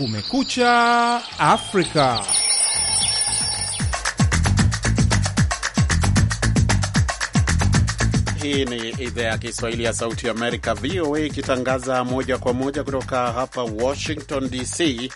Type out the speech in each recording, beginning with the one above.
Kumekucha Afrika. Hii ni idhaa ya Kiswahili ya Sauti ya Amerika, VOA, ikitangaza moja kwa moja kutoka hapa Washington DC.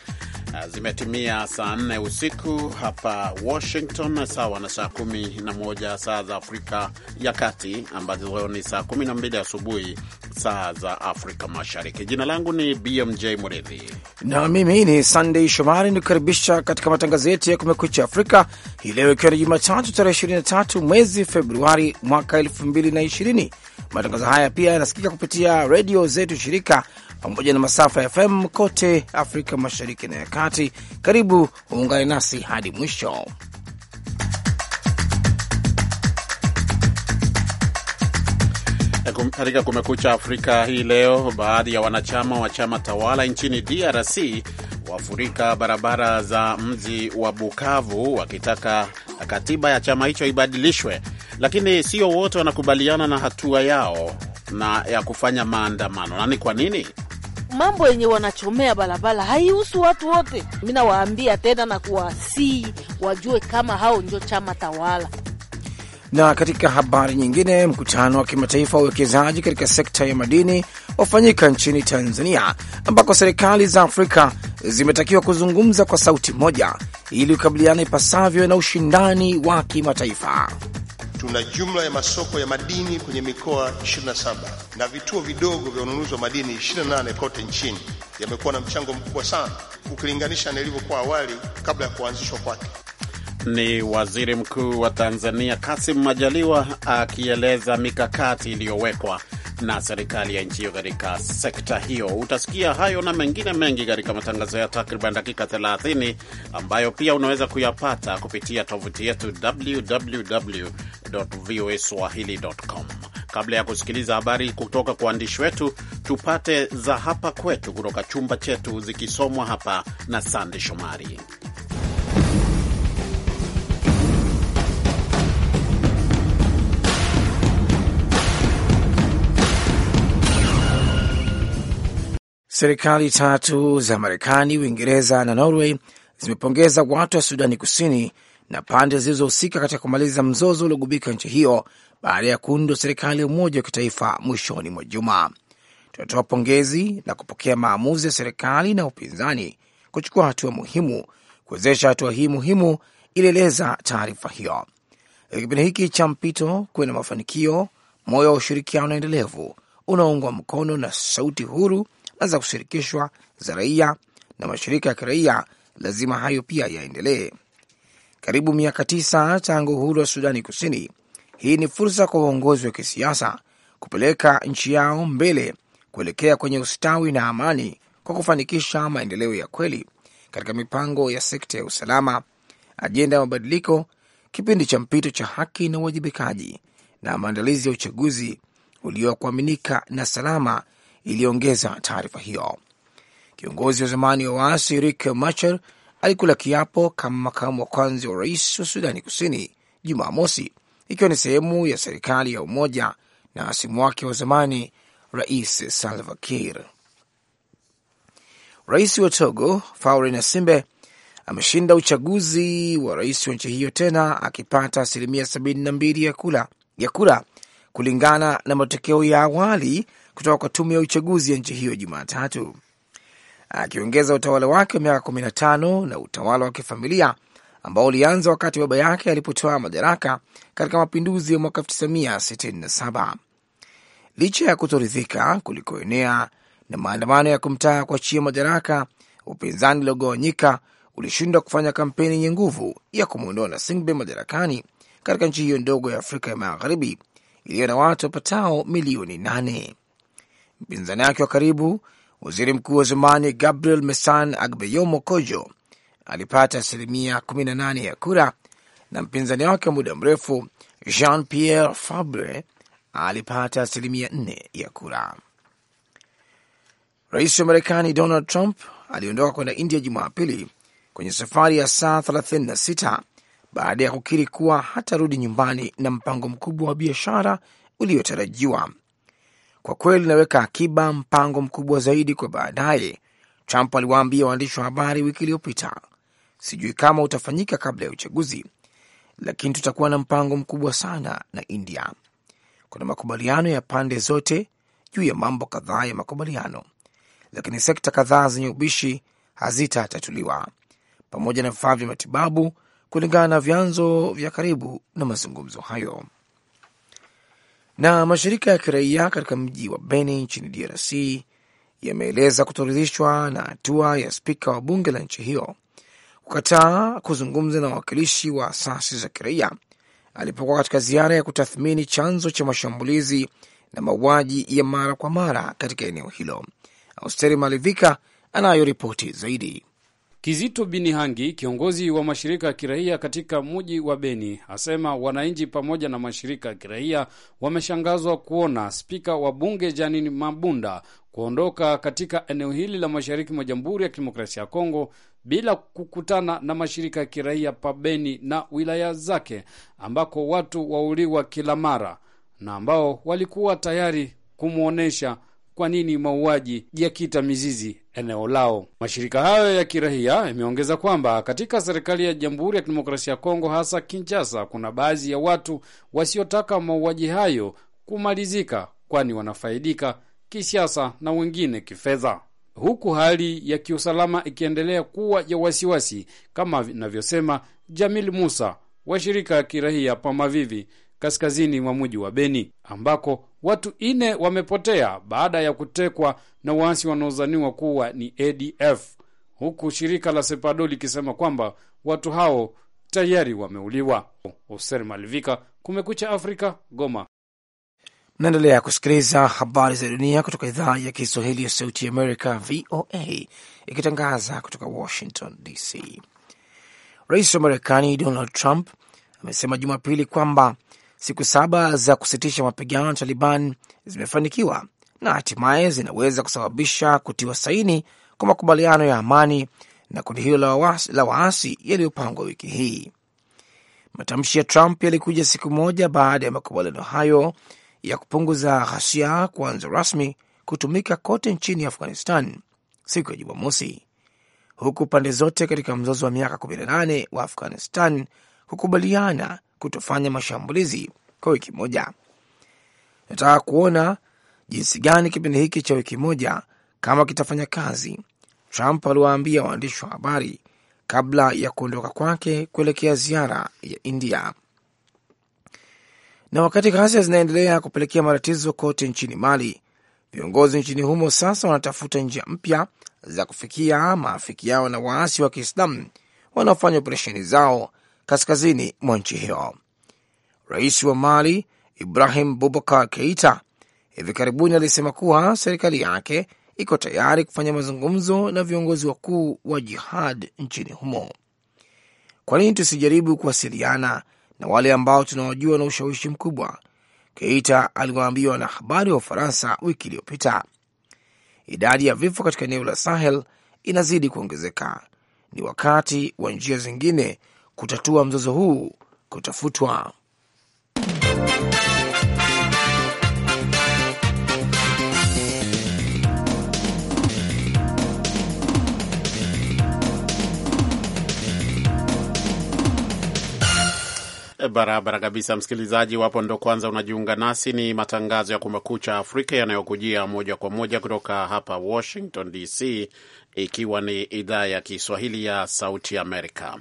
Zimetimia saa nne usiku hapa Washington, sawa na saa kumi na moja saa za Afrika ya Kati, ambazo ni saa kumi na mbili asubuhi saa za Afrika Mashariki. Jina langu ni BMJ Mridhi na mimi ni Sandey Shomari, nikukaribisha katika matangazo yetu ya Kumekucha Afrika hii leo, ikiwa ni Jumatatu tarehe 23 mwezi Februari mwaka 2020. Matangazo haya pia yanasikika kupitia redio zetu shirika pamoja na masafa ya FM kote Afrika Mashariki na ya Kati. Karibu uungane nasi hadi mwisho. Katika Kumekucha Afrika hii leo, baadhi ya wanachama wa chama tawala nchini DRC wafurika barabara za mji wa Bukavu wakitaka katiba ya chama hicho ibadilishwe, lakini sio wote wanakubaliana na hatua yao na ya kufanya maandamano. Na ni kwa nini? Mambo yenye wanachomea barabara haihusu watu wote. Mi nawaambia tena na kuwasii wajue kama hao ndio chama tawala na katika habari nyingine, mkutano wa kimataifa wa uwekezaji katika sekta ya madini wafanyika nchini Tanzania, ambako serikali za Afrika zimetakiwa kuzungumza kwa sauti moja ili kukabiliana ipasavyo na ushindani wa kimataifa. Tuna jumla ya masoko ya madini kwenye mikoa 27 na vituo vidogo vya ununuzi wa madini 28 kote nchini. Yamekuwa na mchango mkubwa sana ukilinganisha na ilivyokuwa awali kabla ya kuanzishwa kwake. Ni waziri mkuu wa Tanzania Kasim Majaliwa akieleza mikakati iliyowekwa na serikali ya nchi hiyo katika sekta hiyo. Utasikia hayo na mengine mengi katika matangazo ya takriban dakika 30 ambayo pia unaweza kuyapata kupitia tovuti yetu www voa swahili.com. Kabla ya kusikiliza habari kutoka kwa waandishi wetu, tupate za hapa kwetu kutoka chumba chetu, zikisomwa hapa na Sande Shomari. Serikali tatu za Marekani, Uingereza na Norway zimepongeza watu wa Sudani Kusini na pande zilizohusika katika kumaliza mzozo uliogubika nchi hiyo baada ya kuundwa serikali ya umoja wa kitaifa mwishoni mwa juma. Tunatoa pongezi na kupokea maamuzi ya serikali na upinzani kuchukua hatua muhimu kuwezesha hatua hii muhimu, ilieleza taarifa hiyo. Kipindi hiki cha mpito kuwe na mafanikio, moyo wa ushirikiano endelevu unaoungwa mkono na sauti huru na za kushirikishwa za raia na mashirika ya kiraia, lazima hayo pia yaendelee. Karibu miaka tisa tangu uhuru wa Sudani Kusini, hii ni fursa kwa uongozi wa kisiasa kupeleka nchi yao mbele kuelekea kwenye ustawi na amani kwa kufanikisha maendeleo ya kweli katika mipango ya sekta ya usalama, ajenda ya mabadiliko, kipindi cha mpito cha haki na uwajibikaji, na maandalizi ya uchaguzi uliokuaminika na salama iliongeza taarifa hiyo. Kiongozi wa zamani wa waasi Riek Machar alikula kiapo kama makamu wa kwanza wa rais wa Sudani Kusini Jumaa mosi, ikiwa ni sehemu ya serikali ya umoja na hasimu wake wa zamani Rais Salva Kiir. Rais wa Togo Faure Nasimbe ameshinda uchaguzi wa rais wa nchi hiyo tena akipata asilimia 72 ya kura ya kura kulingana na matokeo ya awali kutoka kwa tume ya uchaguzi ya nchi hiyo Jumatatu, akiongeza utawala wake wa miaka 15 na utawala wa kifamilia ambao ulianza wakati baba yake alipotoa madaraka katika mapinduzi ya mwaka 1967. Licha ya kutoridhika kulikoenea na maandamano ya kumtaka kuachia madaraka, upinzani uliogawanyika ulishindwa kufanya kampeni yenye nguvu ya kumwondoa Singbe madarakani katika nchi hiyo ndogo ya Afrika ya Magharibi iliyo na watu wapatao milioni nane mpinzani wake wa karibu, waziri mkuu wa zamani Gabriel Mesan Agbeyomo Kojo alipata asilimia 18 ya kura na mpinzani wake wa muda mrefu Jean Pierre Fabre alipata asilimia 4 ya kura. Rais wa Marekani Donald Trump aliondoka kwenda India Jumapili kwenye safari ya saa 36 baada ya kukiri kuwa hatarudi nyumbani na mpango mkubwa wa biashara uliotarajiwa kwa kweli inaweka akiba mpango mkubwa zaidi kwa baadaye, Trump aliwaambia waandishi wa habari wiki iliyopita. Sijui kama utafanyika kabla ya uchaguzi, lakini tutakuwa na mpango mkubwa sana na India. Kuna makubaliano ya pande zote juu ya mambo kadhaa ya makubaliano, lakini sekta kadhaa zenye ubishi hazitatatuliwa pamoja na vifaa vya matibabu, kulingana na vyanzo vya karibu na mazungumzo hayo. Na mashirika ya kiraia katika mji wa Beni nchini DRC yameeleza kutoridhishwa na hatua ya spika wa bunge la nchi hiyo kukataa kuzungumza na wawakilishi wa asasi za kiraia alipokuwa katika ziara ya kutathmini chanzo cha mashambulizi na mauaji ya mara kwa mara katika eneo hilo. Austeri Malivika anayo ripoti zaidi. Kizito Binihangi, kiongozi wa mashirika ya kiraia katika mji wa Beni, asema wananchi pamoja na mashirika ya kiraia wameshangazwa kuona spika wa bunge Janini Mabunda kuondoka katika eneo hili la mashariki mwa Jamhuri ya Kidemokrasia ya Kongo bila kukutana na mashirika ya kiraia pa Beni na wilaya zake ambako watu wauliwa kila mara na ambao walikuwa tayari kumwonyesha kwa nini mauaji yakita mizizi eneo lao. Mashirika hayo ya kirahia yameongeza kwamba katika serikali ya Jamhuri ya Kidemokrasia ya Kongo, hasa Kinshasa, kuna baadhi ya watu wasiotaka mauaji hayo kumalizika, kwani wanafaidika kisiasa na wengine kifedha, huku hali ya kiusalama ikiendelea kuwa ya wasiwasi, kama inavyosema Jamil Musa wa shirika ya kirahia Pamavivi, kaskazini mwa mji wa Beni ambako watu ine wamepotea baada ya kutekwa na waasi wanaozaniwa kuwa ni ADF, huku shirika la Sepado likisema kwamba watu hao tayari wameuliwa. Oser Malivika, Kumekucha Afrika, Goma. naendelea kusikiliza habari za dunia kutoka idhaa ya Kiswahili ya Sauti ya Amerika, VOA, ikitangaza kutoka Washington DC. Rais wa Marekani Donald Trump amesema Jumapili kwamba siku saba za kusitisha mapigano na Taliban zimefanikiwa na hatimaye zinaweza kusababisha kutiwa saini kwa makubaliano ya amani na kundi hilo la waasi yaliyopangwa wiki hii. Matamshi ya Trump yalikuja siku moja baada ya makubaliano hayo ya kupunguza ghasia kuanza rasmi kutumika kote nchini Afghanistan siku ya Jumamosi, huku pande zote katika mzozo wa miaka 18 wa Afghanistan kukubaliana kutofanya mashambulizi kwa wiki moja. Nataka kuona jinsi gani kipindi hiki cha wiki moja kama kitafanya kazi, Trump aliwaambia waandishi wa habari kabla ya kuondoka kwake kuelekea ziara ya India. Na wakati ghasia zinaendelea kupelekea matatizo kote nchini Mali, viongozi nchini humo sasa wanatafuta njia mpya za kufikia maafiki yao na waasi wa Kiislamu wanaofanya operesheni zao kaskazini mwa nchi hiyo. Rais wa Mali Ibrahim bubakar Keita hivi karibuni alisema kuwa serikali yake iko tayari kufanya mazungumzo na viongozi wakuu wa jihad nchini humo. Kwa nini tusijaribu kuwasiliana na wale ambao tunawajua na ushawishi mkubwa? Keita aliwaambia wanahabari wa Ufaransa wiki iliyopita. Idadi ya vifo katika eneo la Sahel inazidi kuongezeka. Ni wakati wa njia zingine kutatua mzozo huu kutafutwa. Eh, barabara kabisa, msikilizaji wapo ndo kwanza unajiunga nasi, ni matangazo ya Kumekucha Afrika yanayokujia moja kwa moja kutoka hapa Washington DC, ikiwa ni idhaa ya Kiswahili ya Sauti Amerika.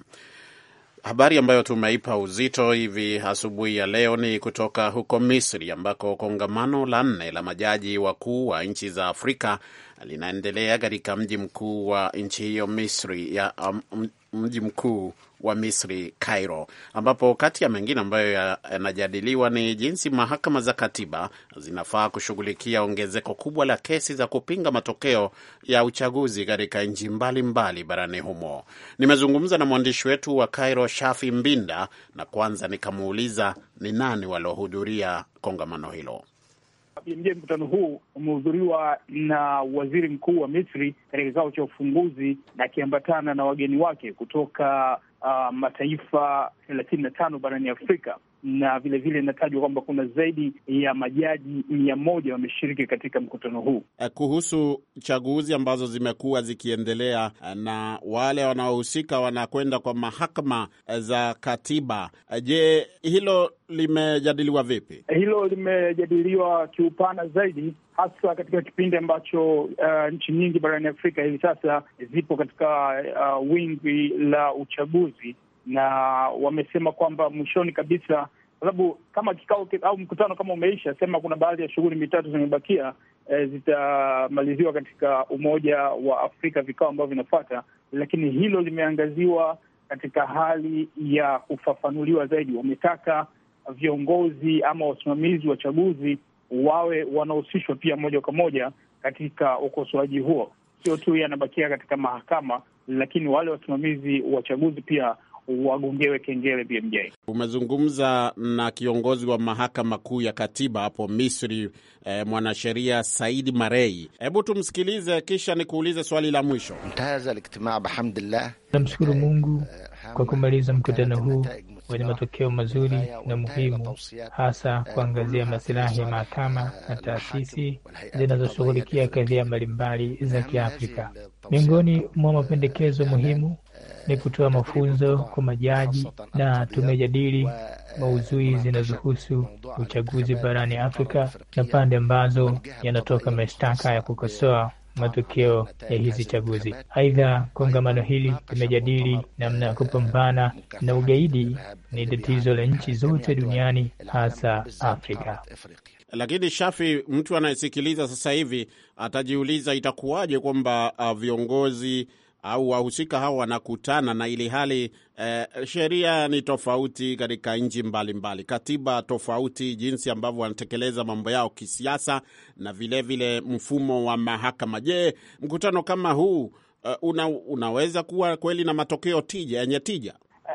Habari ambayo tumeipa uzito hivi asubuhi ya leo ni kutoka huko Misri ambako kongamano la nne la majaji wakuu wa nchi za Afrika linaendelea katika mji mkuu wa nchi hiyo Misri ya um, mji mkuu wa Misri, Cairo, ambapo kati ya mengine ambayo yanajadiliwa ni jinsi mahakama za katiba zinafaa kushughulikia ongezeko kubwa la kesi za kupinga matokeo ya uchaguzi katika nchi mbalimbali barani humo. Nimezungumza na mwandishi wetu wa Cairo, Shafi Mbinda, na kwanza nikamuuliza ni nani walohudhuria kongamano hilo. BMJ, mkutano huu umehudhuriwa na waziri mkuu wa Misri katika kikao cha ufunguzi na akiambatana na wageni wake kutoka uh, mataifa thelathini na tano barani Afrika na vilevile inatajwa kwamba kuna zaidi ya majaji mia moja wameshiriki katika mkutano huu. Eh, kuhusu chaguzi ambazo zimekuwa zikiendelea eh, na wale wanaohusika wanakwenda kwa mahakama eh, za katiba, je, hilo limejadiliwa vipi? Hilo limejadiliwa kiupana zaidi hasa katika kipindi ambacho uh, nchi nyingi barani Afrika hivi sasa zipo katika uh, wingi la uchaguzi na wamesema kwamba mwishoni kabisa, kwa sababu kama kikao au mkutano kama umeisha sema, kuna baadhi ya shughuli mitatu zimebakia e, zitamaliziwa katika Umoja wa Afrika vikao ambavyo vinafuata, lakini hilo limeangaziwa katika hali ya kufafanuliwa zaidi. Wametaka viongozi ama wasimamizi wa chaguzi wawe wanahusishwa pia moja kwa moja katika ukosoaji huo, sio tu yanabakia katika mahakama, lakini wale wasimamizi wa chaguzi pia wagongewe kengele. BMJ, umezungumza na kiongozi wa mahakama kuu ya katiba hapo Misri, eh, mwanasheria Saidi Marei. Hebu tumsikilize, kisha nikuulize swali la mwisho. Namshukuru Mungu eh, eh, kwa kumaliza mkutano huu wenye matokeo mazuri na muhimu, hasa eh, kuangazia masilahi ya mahakama na taasisi zinazoshughulikia kadhia mbalimbali za Kiafrika. Miongoni mwa mapendekezo muhimu ni kutoa mafunzo kwa majaji na tumejadili mauzui zinazohusu uchaguzi barani Afrika na pande ambazo yanatoka mashtaka ya kukosoa matokeo ya hizi chaguzi. Aidha, kongamano hili limejadili namna ya kupambana na ugaidi. Ni tatizo la nchi zote duniani, hasa Afrika. Lakini Shafi, mtu anayesikiliza sasa hivi atajiuliza itakuwaje kwamba uh, viongozi au wahusika hao wanakutana na ili hali eh, sheria ni tofauti katika nchi mbalimbali, katiba tofauti, jinsi ambavyo wanatekeleza mambo yao kisiasa na vilevile vile mfumo wa mahakama. Je, mkutano kama huu eh, una, unaweza kuwa kweli na matokeo tija yenye tija?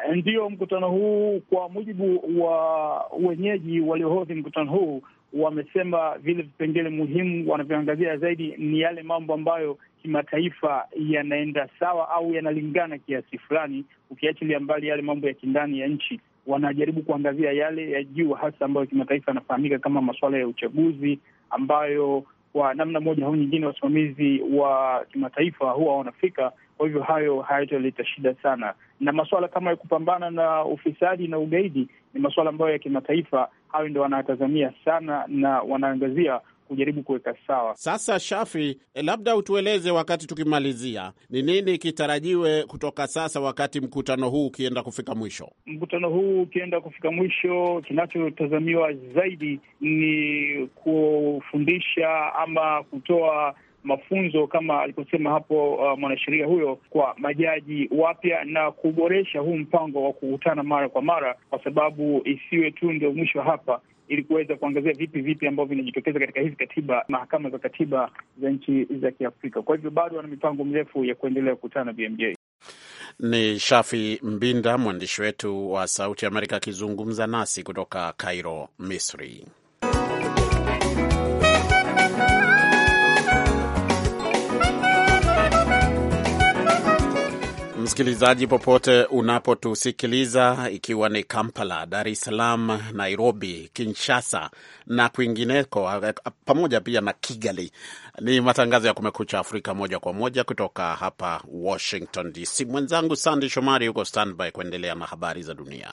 Eh, Ndiyo, mkutano huu kwa mujibu wa wenyeji waliohodhi mkutano huu wamesema vile vipengele muhimu wanavyoangazia zaidi ni yale mambo ambayo kimataifa yanaenda sawa au yanalingana kiasi fulani, ukiachilia mbali yale mambo ya kindani ya nchi. Wanajaribu kuangazia yale ya juu hasa ambayo kimataifa yanafahamika kama masuala ya uchaguzi, ambayo kwa namna moja au nyingine wasimamizi wa kimataifa huwa wanafika. Kwa hivyo hayo hayatoleta shida sana, na masuala kama ya kupambana na ufisadi na ugaidi ni masuala ambayo ya kimataifa hayo ndo wanatazamia sana na wanaangazia kujaribu kuweka sawa. Sasa Shafi, labda utueleze, wakati tukimalizia, ni nini kitarajiwe kutoka sasa, wakati mkutano huu ukienda kufika mwisho? Mkutano huu ukienda kufika mwisho, kinachotazamiwa zaidi ni kufundisha ama kutoa mafunzo kama aliposema hapo uh, mwanasheria huyo kwa majaji wapya na kuboresha huu mpango wa kukutana mara kwa mara, kwa sababu isiwe tu ndio mwisho hapa, ili kuweza kuangazia vipi vipi ambavyo vinajitokeza katika hizi katiba mahakama za katiba za nchi za Kiafrika. Kwa hivyo bado wana mipango mirefu ya kuendelea kukutana BMJ. Ni Shafi Mbinda, mwandishi wetu wa Sauti ya Amerika akizungumza nasi kutoka Cairo, Misri. Msikilizaji popote unapotusikiliza, ikiwa ni Kampala, Dar es Salaam, Nairobi, Kinshasa na kwingineko, eh, pamoja pia na Kigali, ni matangazo ya Kumekucha Afrika moja kwa moja kutoka hapa Washington DC. Mwenzangu Sandi Shomari yuko standby kuendelea na habari za dunia.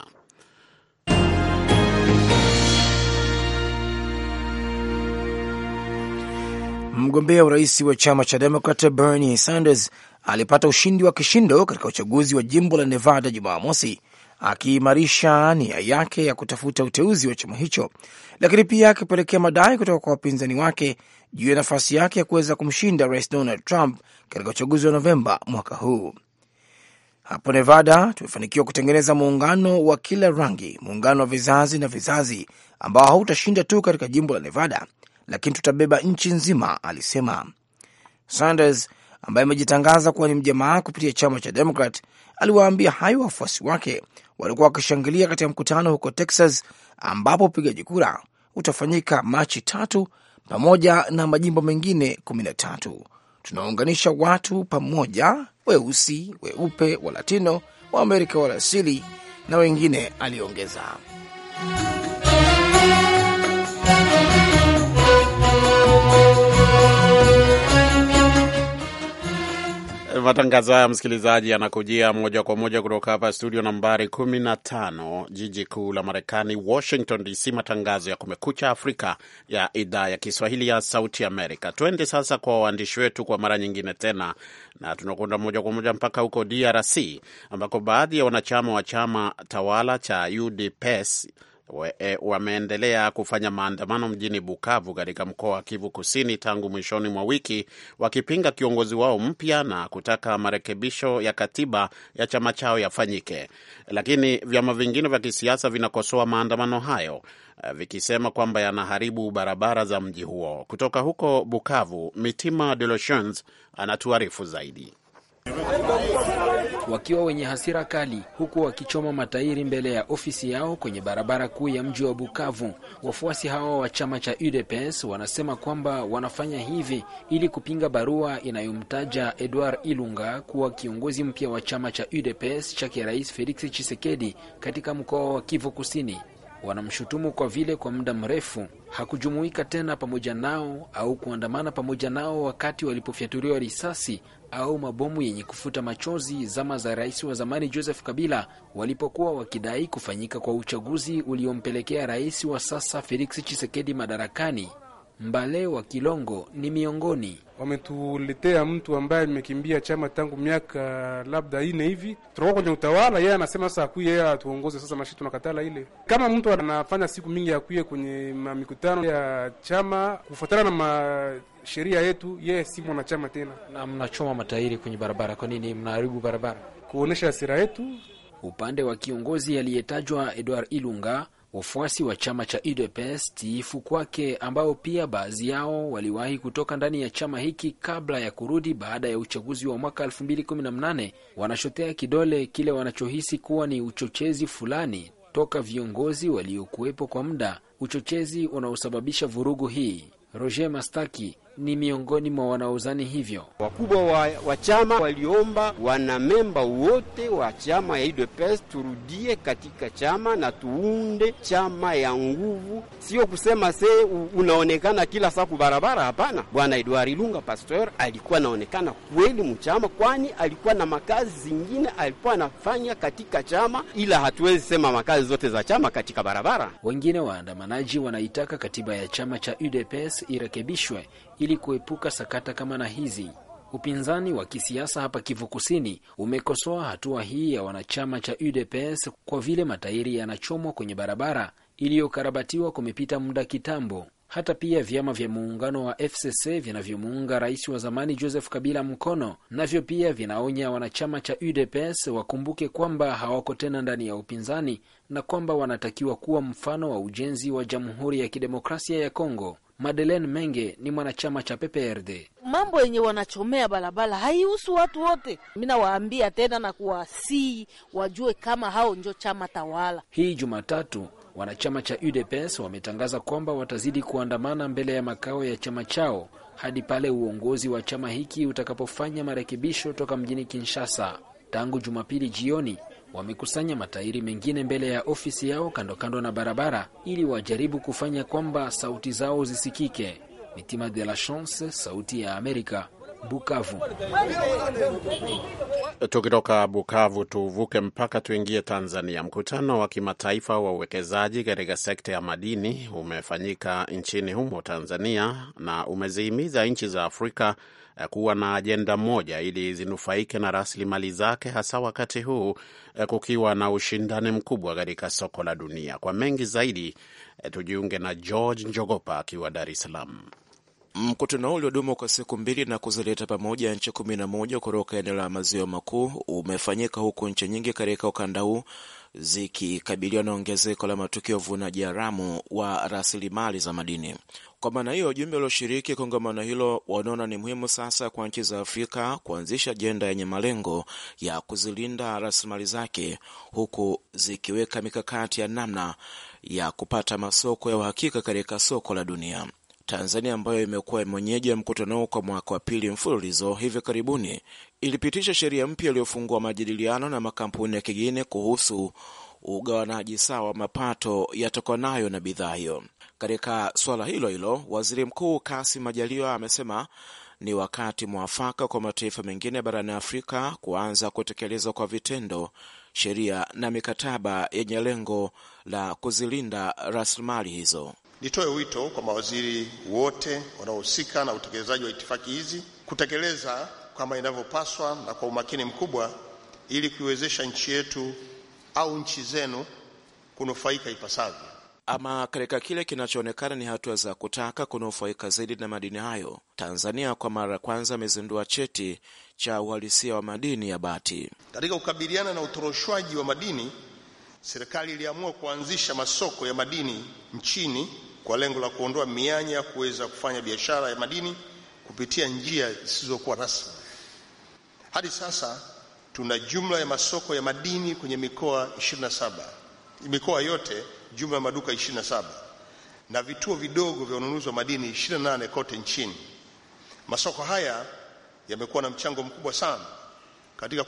Mgombea urais wa chama cha Demokrat Bernie Sanders alipata ushindi wa kishindo katika uchaguzi wa jimbo la Nevada Jumamosi, akiimarisha nia yake ya kutafuta uteuzi wa chama hicho, lakini pia akipelekea madai kutoka kwa wapinzani wake juu ya nafasi yake ya kuweza kumshinda Rais Donald Trump katika uchaguzi wa Novemba mwaka huu. Hapo Nevada tumefanikiwa kutengeneza muungano wa kila rangi, muungano wa vizazi na vizazi, ambao hautashinda tu katika jimbo la Nevada, lakini tutabeba nchi nzima, alisema Sanders ambaye amejitangaza kuwa ni mjamaa kupitia chama cha Demokrat aliwaambia hayo wafuasi wake walikuwa wakishangilia katika mkutano huko Texas ambapo upigaji kura utafanyika Machi tatu pamoja na majimbo mengine kumi na tatu. Tunaunganisha watu pamoja, weusi, weupe, wa Latino, wa Amerika wa asili na wengine, aliongeza. Matangazo haya msikilizaji, yanakujia moja kwa moja kutoka hapa studio nambari 15 jiji kuu la Marekani, Washington DC. Matangazo ya Kumekucha Afrika ya idhaa ya Kiswahili ya Sauti Amerika. Twende sasa kwa waandishi wetu kwa mara nyingine tena, na tunakwenda moja kwa moja mpaka huko DRC ambako baadhi ya wanachama wa chama tawala cha UDPS e E, wameendelea kufanya maandamano mjini Bukavu katika mkoa wa Kivu Kusini tangu mwishoni mwa wiki wakipinga kiongozi wao mpya na kutaka marekebisho ya katiba ya chama chao yafanyike, lakini vyama vingine vya kisiasa vinakosoa maandamano hayo e, vikisema kwamba yanaharibu barabara za mji huo. Kutoka huko Bukavu, Mitima De anatuarifu zaidi wakiwa wenye hasira kali, huku wakichoma matairi mbele ya ofisi yao kwenye barabara kuu ya mji wa Bukavu. Wafuasi hawa wa chama cha UDPS wanasema kwamba wanafanya hivi ili kupinga barua inayomtaja edward Ilunga kuwa kiongozi mpya wa chama cha UDPS chake Rais Felix Tshisekedi katika mkoa wa Kivu Kusini wanamshutumu kwa vile kwa muda mrefu hakujumuika tena pamoja nao au kuandamana pamoja nao wakati walipofyatuliwa risasi au mabomu yenye kufuta machozi zama za rais wa zamani Joseph Kabila walipokuwa wakidai kufanyika kwa uchaguzi uliompelekea rais wa sasa Felix Tshisekedi madarakani Mbale wa Kilongo ni miongoni. Wametuletea mtu ambaye amekimbia chama tangu miaka labda ine hivi, tunakuwa kwenye utawala, yeye anasema sasa akuye yeye atuongoze. Sasa mashi tunakatala ile, kama mtu anafanya siku mingi akuye kwenye mikutano ya chama kufuatana na ma sheria yetu, yeye si mwanachama tena. Na mnachoma matairi kwenye barabara, kwa nini mnaharibu barabara? Kuonesha hasira yetu. Upande wa kiongozi aliyetajwa Edward Ilunga wafuasi wa chama cha UDPS tiifu kwake, ambao pia baadhi yao waliwahi kutoka ndani ya chama hiki kabla ya kurudi baada ya uchaguzi wa mwaka 2018 wanashotea kidole kile wanachohisi kuwa ni uchochezi fulani toka viongozi waliokuwepo kwa muda, uchochezi unaosababisha vurugu hii. Roger Mastaki ni miongoni mwa wanaozani hivyo. Wakubwa wa, wa chama waliomba wanamemba wote wa chama ya UDPS turudie katika chama na tuunde chama ya nguvu, sio kusema se unaonekana kila saa kubarabara. Hapana, bwana Edward Lunga Pasteur alikuwa anaonekana kweli mchama, kwani alikuwa na makazi zingine alikuwa anafanya katika chama, ila hatuwezi sema makazi zote za chama katika barabara. Wengine waandamanaji wanaitaka katiba ya chama cha UDPS irekebishwe ili kuepuka sakata kama na hizi. Upinzani wa kisiasa hapa Kivu Kusini umekosoa hatua hii ya wanachama cha UDPS kwa vile matairi yanachomwa kwenye barabara iliyokarabatiwa kumepita muda kitambo. Hata pia vyama vya muungano wa FCC vinavyomuunga rais wa zamani Joseph Kabila mkono navyo pia vinaonya wanachama cha UDPS wakumbuke kwamba hawako tena ndani ya upinzani na kwamba wanatakiwa kuwa mfano wa ujenzi wa Jamhuri ya Kidemokrasia ya Kongo. Madeleine Menge ni mwanachama cha PPRD. Mambo yenye wanachomea barabara haihusu watu wote, minawaambia tena na kuwasii wajue kama hao njo chama tawala. Hii Jumatatu wanachama cha UDPS wametangaza kwamba watazidi kuandamana mbele ya makao ya chama chao hadi pale uongozi wa chama hiki utakapofanya marekebisho toka mjini Kinshasa. Tangu Jumapili jioni wamekusanya matairi mengine mbele ya ofisi yao kando kando na barabara ili wajaribu kufanya kwamba sauti zao zisikike. Mitima de la Chance, Sauti ya Amerika, Bukavu. Tukitoka Bukavu tuvuke mpaka tuingie Tanzania. Mkutano wa kimataifa wa uwekezaji katika sekta ya madini umefanyika nchini humo Tanzania, na umezihimiza nchi za Afrika eh, kuwa na ajenda moja ili zinufaike na rasilimali zake, hasa wakati huu eh, kukiwa na ushindani mkubwa katika soko la dunia. Kwa mengi zaidi, eh, tujiunge na George Njogopa akiwa Dar es Salaam. Mkutano huu uliodumu kwa siku mbili na kuzileta pamoja nchi kumi na moja kutoka eneo la maziwa makuu umefanyika huku nchi nyingi katika ukanda huu zikikabiliwa na ongezeko la matukio ya uvunaji haramu wa rasilimali za madini. Kwa maana hiyo, wajumbe walioshiriki kongamano hilo wanaona ni muhimu sasa kwa nchi za Afrika kuanzisha ajenda yenye malengo ya kuzilinda rasilimali zake, huku zikiweka mikakati ya namna ya kupata masoko ya uhakika katika soko la dunia. Tanzania ambayo imekuwa mwenyeji ya mkutano huo kwa mwaka wa pili mfululizo, hivi karibuni ilipitisha sheria mpya iliyofungua majadiliano na makampuni ya kigeni kuhusu ugawanaji sawa wa mapato yatokanayo na bidhaa hiyo. Katika suala hilo hilo, Waziri Mkuu Kassim Majaliwa amesema ni wakati mwafaka kwa mataifa mengine barani Afrika kuanza kutekeleza kwa vitendo sheria na mikataba yenye lengo la kuzilinda rasilimali hizo nitoe wito kwa mawaziri wote wanaohusika na utekelezaji wa itifaki hizi kutekeleza kama inavyopaswa na kwa umakini mkubwa ili kuiwezesha nchi yetu au nchi zenu kunufaika ipasavyo. Ama katika kile kinachoonekana ni hatua za kutaka kunufaika zaidi na madini hayo, Tanzania kwa mara ya kwanza amezindua cheti cha uhalisia wa madini ya bati. Katika kukabiliana na utoroshwaji wa madini, serikali iliamua kuanzisha masoko ya madini nchini kwa lengo la kuondoa mianya ya kuweza kufanya biashara ya madini kupitia njia zisizokuwa rasmi. Hadi sasa tuna jumla ya masoko ya madini kwenye mikoa 27, mikoa yote, jumla ya maduka 27 na vituo vidogo vya ununuzi wa madini 28 kote nchini. Masoko haya yamekuwa na mchango mkubwa sana katika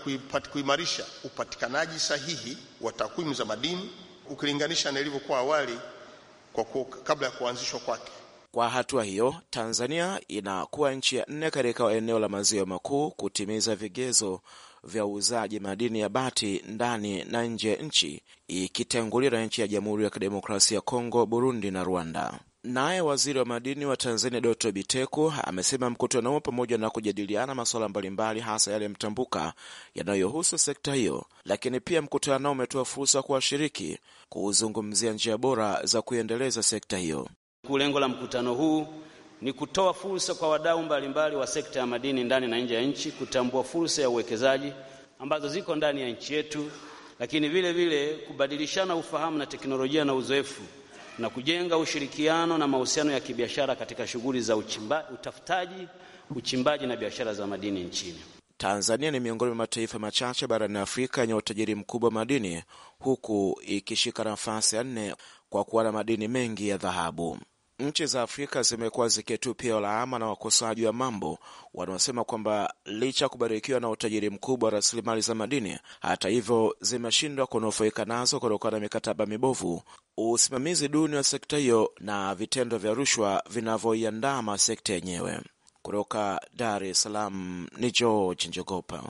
kuimarisha upatikanaji sahihi wa takwimu za madini ukilinganisha na ilivyokuwa awali kwa kuo, kabla ya kuanzishwa kwake. Kwa hatua hiyo, Tanzania inakuwa nchi ya nne katika eneo la maziwa makuu kutimiza vigezo vya uuzaji madini ya bati ndani na nje ya nchi, ikitanguliwa na nchi ya Jamhuri ya Kidemokrasia ya Kongo, Burundi na Rwanda. Naye waziri wa madini wa Tanzania Doto Biteko amesema mkutano huo pamoja na kujadiliana masuala mbalimbali, hasa yale mtambuka yanayohusu sekta hiyo, lakini pia mkutano umetoa fursa kwa washiriki kuzungumzia njia bora za kuendeleza sekta hiyo. Lengo la mkutano huu ni kutoa fursa kwa wadau mbalimbali wa sekta ya madini ndani na nje ya nchi kutambua fursa ya uwekezaji ambazo ziko ndani ya nchi yetu, lakini vile vile kubadilishana ufahamu na teknolojia na uzoefu na kujenga ushirikiano na mahusiano ya kibiashara katika shughuli za uchimba, utafutaji, uchimbaji na biashara za madini nchini. Tanzania ni miongoni mwa mataifa machache barani Afrika yenye utajiri mkubwa wa madini huku ikishika nafasi ya nne kwa kuwa na madini mengi ya dhahabu. Nchi za Afrika zimekuwa zikitupia laama na wakosoaji wa mambo wanaosema kwamba licha ya kubarikiwa na utajiri mkubwa wa rasilimali za madini, hata hivyo zimeshindwa kunufaika nazo kutokana na mikataba mibovu, usimamizi duni wa sekta hiyo na vitendo vya rushwa vinavyoiandama sekta yenyewe. Kutoka Dar es Salaam ni George Njogopa.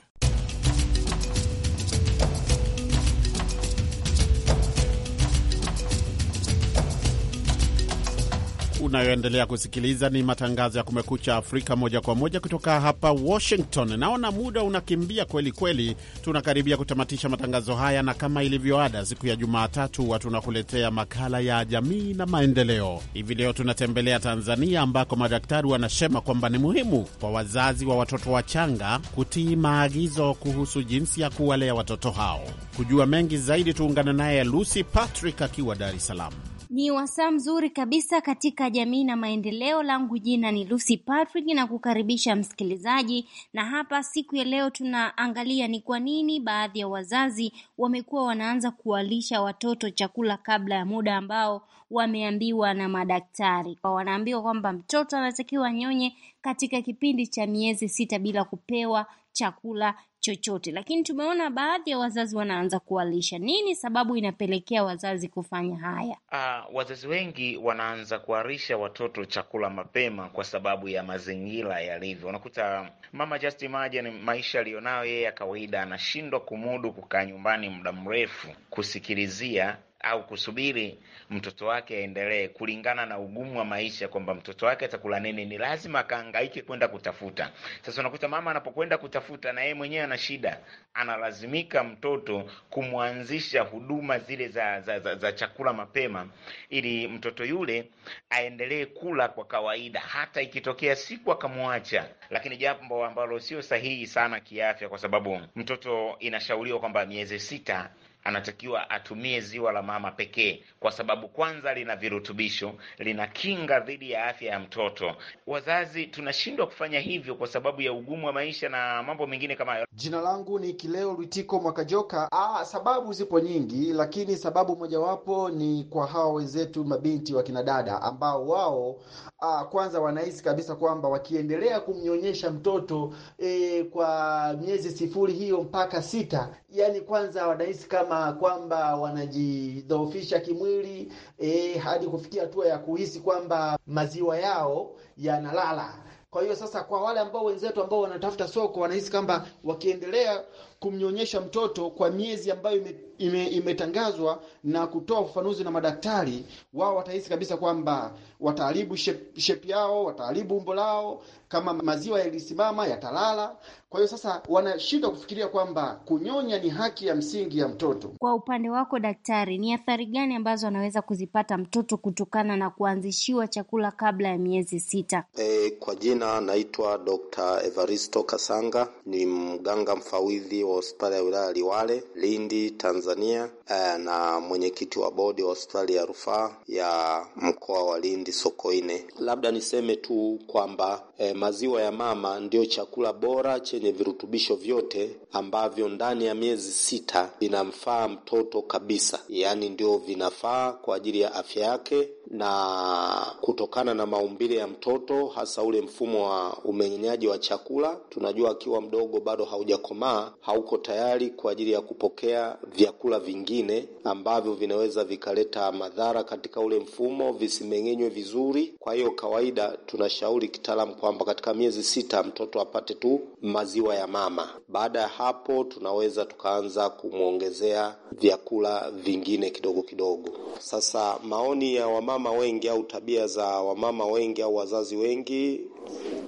Unayoendelea kusikiliza ni matangazo ya Kumekucha Afrika moja kwa moja kutoka hapa Washington. Naona muda unakimbia kweli kweli, tunakaribia kutamatisha matangazo haya, na kama ilivyo ada, siku ya Jumatatu huwa tunakuletea makala ya jamii na maendeleo. Hivi leo tunatembelea Tanzania ambako madaktari wanasema kwamba ni muhimu kwa wazazi wa watoto wachanga kutii maagizo kuhusu jinsi ya kuwalea watoto hao. Kujua mengi zaidi, tuungane naye Lucy Patrick akiwa Dar es Salaam. Ni wasaa mzuri kabisa katika jamii na maendeleo. Langu jina ni Lucy Patrick na kukaribisha msikilizaji, na hapa siku ya leo tunaangalia ni kwa nini baadhi ya wazazi wamekuwa wanaanza kuwalisha watoto chakula kabla ya muda ambao wameambiwa na madaktari, kwa wanaambiwa kwamba mtoto anatakiwa nyonye katika kipindi cha miezi sita bila kupewa chakula chochote, lakini tumeona baadhi ya wazazi wanaanza kuwalisha. Nini sababu inapelekea wazazi kufanya haya? Uh, wazazi wengi wanaanza kuwalisha watoto chakula mapema kwa sababu ya mazingira yalivyo. Unakuta mama, just imagine maisha aliyonayo yeye ya kawaida, anashindwa kumudu kukaa nyumbani muda mrefu kusikilizia au kusubiri mtoto wake aendelee kulingana na ugumu wa maisha, kwamba mtoto wake atakula nini, ni lazima akaangaike kwenda kutafuta. Sasa unakuta mama anapokwenda kutafuta, na yeye mwenyewe ana shida, analazimika mtoto kumwanzisha huduma zile za, za, za, za chakula mapema, ili mtoto yule aendelee kula kwa kawaida, hata ikitokea siku akamwacha, lakini jambo ambalo sio sahihi sana kiafya, kwa sababu mtoto inashauriwa kwamba miezi sita anatakiwa atumie ziwa la mama pekee, kwa sababu kwanza lina virutubisho, lina kinga dhidi ya afya ya mtoto. Wazazi tunashindwa kufanya hivyo kwa sababu ya ugumu wa maisha na mambo mengine kama hayo. Jina langu ni Kileo Lwitiko Mwakajoka. Ah, sababu zipo nyingi, lakini sababu mojawapo ni kwa hawa wenzetu mabinti wa kinadada ambao wao ah, kwanza wanahisi kabisa kwamba wakiendelea kumnyonyesha mtoto eh, kwa miezi sifuri hiyo mpaka sita, yani kwanza wanahisi kama kama kwamba wanajidhoofisha kimwili e, hadi kufikia hatua ya kuhisi kwamba maziwa yao yanalala. Kwa hiyo sasa, kwa wale ambao wenzetu ambao wanatafuta soko wanahisi kwamba wakiendelea kumnyonyesha mtoto kwa miezi ambayo ime ime, imetangazwa na kutoa ufafanuzi na madaktari wao, watahisi kabisa kwamba wataharibu shape, shape yao, wataharibu umbo lao. Kama maziwa yalisimama yatalala. Kwa hiyo sasa wanashindwa kufikiria kwamba kunyonya ni haki ya msingi ya mtoto. Kwa upande wako daktari, ni athari gani ambazo anaweza kuzipata mtoto kutokana na kuanzishiwa chakula kabla ya miezi sita? E, kwa jina naitwa Dr. Evaristo Kasanga, ni mganga mfawidhi wa hospitali ya wilaya Liwale, Lindi, Tanzania. Tanzania eh, na mwenyekiti wa bodi wa hospitali ya rufaa ya mkoa wa Lindi Sokoine. Labda niseme tu kwamba eh, maziwa ya mama ndiyo chakula bora chenye virutubisho vyote ambavyo ndani ya miezi sita vinamfaa mtoto kabisa, yaani ndio vinafaa kwa ajili ya afya yake na kutokana na maumbile ya mtoto, hasa ule mfumo wa umeng'enyaji wa chakula, tunajua akiwa mdogo bado haujakomaa, hauko tayari kwa ajili ya kupokea vyakula vingine ambavyo vinaweza vikaleta madhara katika ule mfumo, visimeng'enywe vizuri. Kwa hiyo kawaida tunashauri kitaalamu kwamba katika miezi sita mtoto apate tu maziwa ya mama. Baada ya hapo, tunaweza tukaanza kumwongezea vyakula vingine kidogo kidogo. Sasa maoni ya wamama wamama wengi au tabia za wamama wengi au wazazi wengi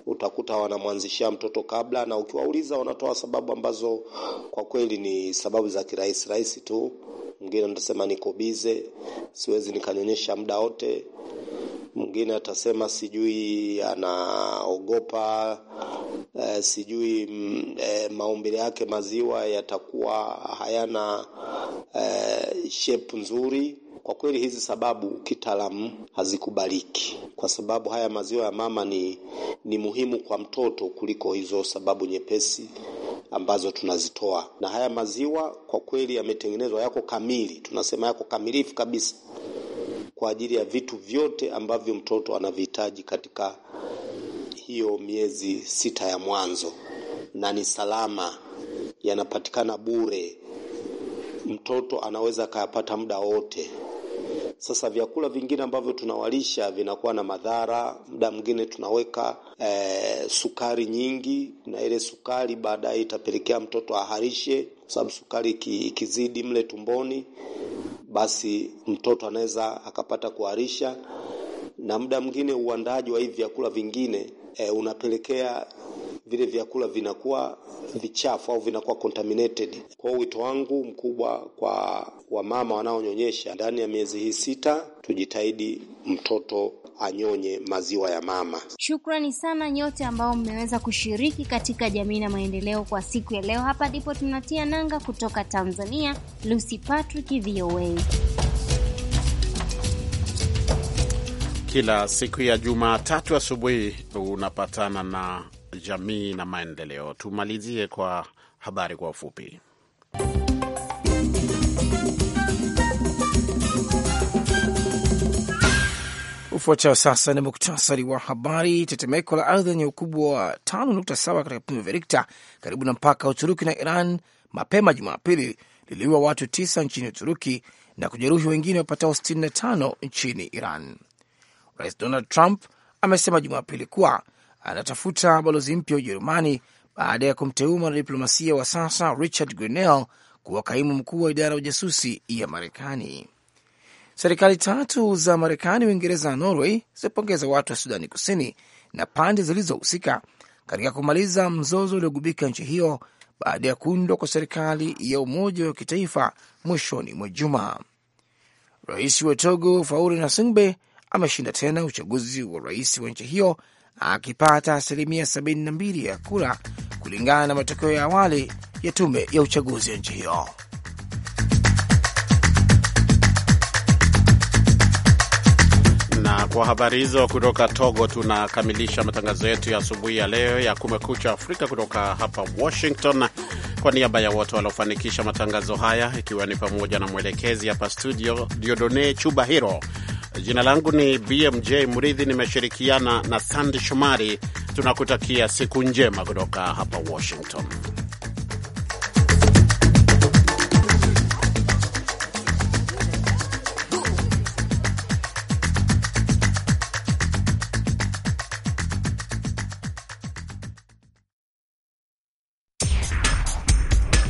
utakuta wanamwanzishia mtoto kabla, na ukiwauliza wanatoa sababu ambazo kwa kweli ni sababu za kirahisi rahisi tu. Mwingine atasema niko bize, siwezi nikanyonyesha muda wote. Mwingine atasema sijui anaogopa e, sijui e, maumbile yake maziwa yatakuwa hayana e, shape nzuri kwa kweli hizi sababu kitaalamu hazikubaliki, kwa sababu haya maziwa ya mama ni, ni muhimu kwa mtoto kuliko hizo sababu nyepesi ambazo tunazitoa. Na haya maziwa kwa kweli yametengenezwa, yako kamili, tunasema yako kamilifu kabisa kwa ajili ya vitu vyote ambavyo mtoto anavihitaji katika hiyo miezi sita ya mwanzo, na ni salama, yanapatikana bure, mtoto anaweza akayapata muda wote. Sasa vyakula vingine ambavyo tunawalisha vinakuwa na madhara. Muda mwingine tunaweka e, sukari nyingi, na ile sukari baadaye itapelekea mtoto aharishe, kwa sababu sukari ikizidi mle tumboni, basi mtoto anaweza akapata kuharisha. Na muda mwingine uandaji wa hivi vyakula vingine e, unapelekea vile vyakula vinakuwa vichafu au vinakuwa contaminated. Kwa hiyo wito wangu mkubwa kwa wamama wanaonyonyesha, ndani ya miezi hii sita tujitahidi mtoto anyonye maziwa ya mama. Shukrani sana nyote ambao mmeweza kushiriki katika jamii na maendeleo kwa siku ya leo. Hapa ndipo tunatia nanga kutoka Tanzania. Lucy Patrick, VOA. Kila siku ya Jumatatu asubuhi unapatana na jamii na maendeleo. Tumalizie kwa habari kwa ufupi. Ufuatao sasa ni muktasari wa habari. Tetemeko la ardhi lenye ukubwa wa 5.7 katika vipimo vya Rikta karibu na mpaka wa Uturuki na Iran mapema Jumapili liliua watu tisa nchini Uturuki na kujeruhi wengine wapatao 65 nchini Iran. Rais Donald Trump amesema Jumapili kuwa anatafuta balozi mpya wa Ujerumani baada ya kumteua mwanadiplomasia wa sasa Richard Grenell kuwa kaimu mkuu wa idara ya ujasusi ya Marekani. Serikali tatu za Marekani, Uingereza na Norway zimepongeza watu wa Sudani Kusini na pande zilizohusika katika kumaliza mzozo uliogubika nchi hiyo baada ya kuundwa kwa serikali ya umoja wa kitaifa mwishoni mwa juma. Rais wa Togo Faure Gnassingbe ameshinda tena uchaguzi wa rais wa nchi hiyo akipata asilimia 72 ya kura kulingana na matokeo ya awali ya tume ya uchaguzi ya nchi hiyo. Na kwa habari hizo kutoka Togo, tunakamilisha matangazo yetu ya asubuhi ya leo ya Kumekucha Afrika kutoka hapa Washington. Kwa niaba ya wote waliofanikisha matangazo haya, ikiwa ni pamoja na mwelekezi hapa studio Diodone Chuba Hiro, Jina langu ni BMJ Mridhi, nimeshirikiana na Sandi Shomari. Tunakutakia siku njema kutoka hapa Washington.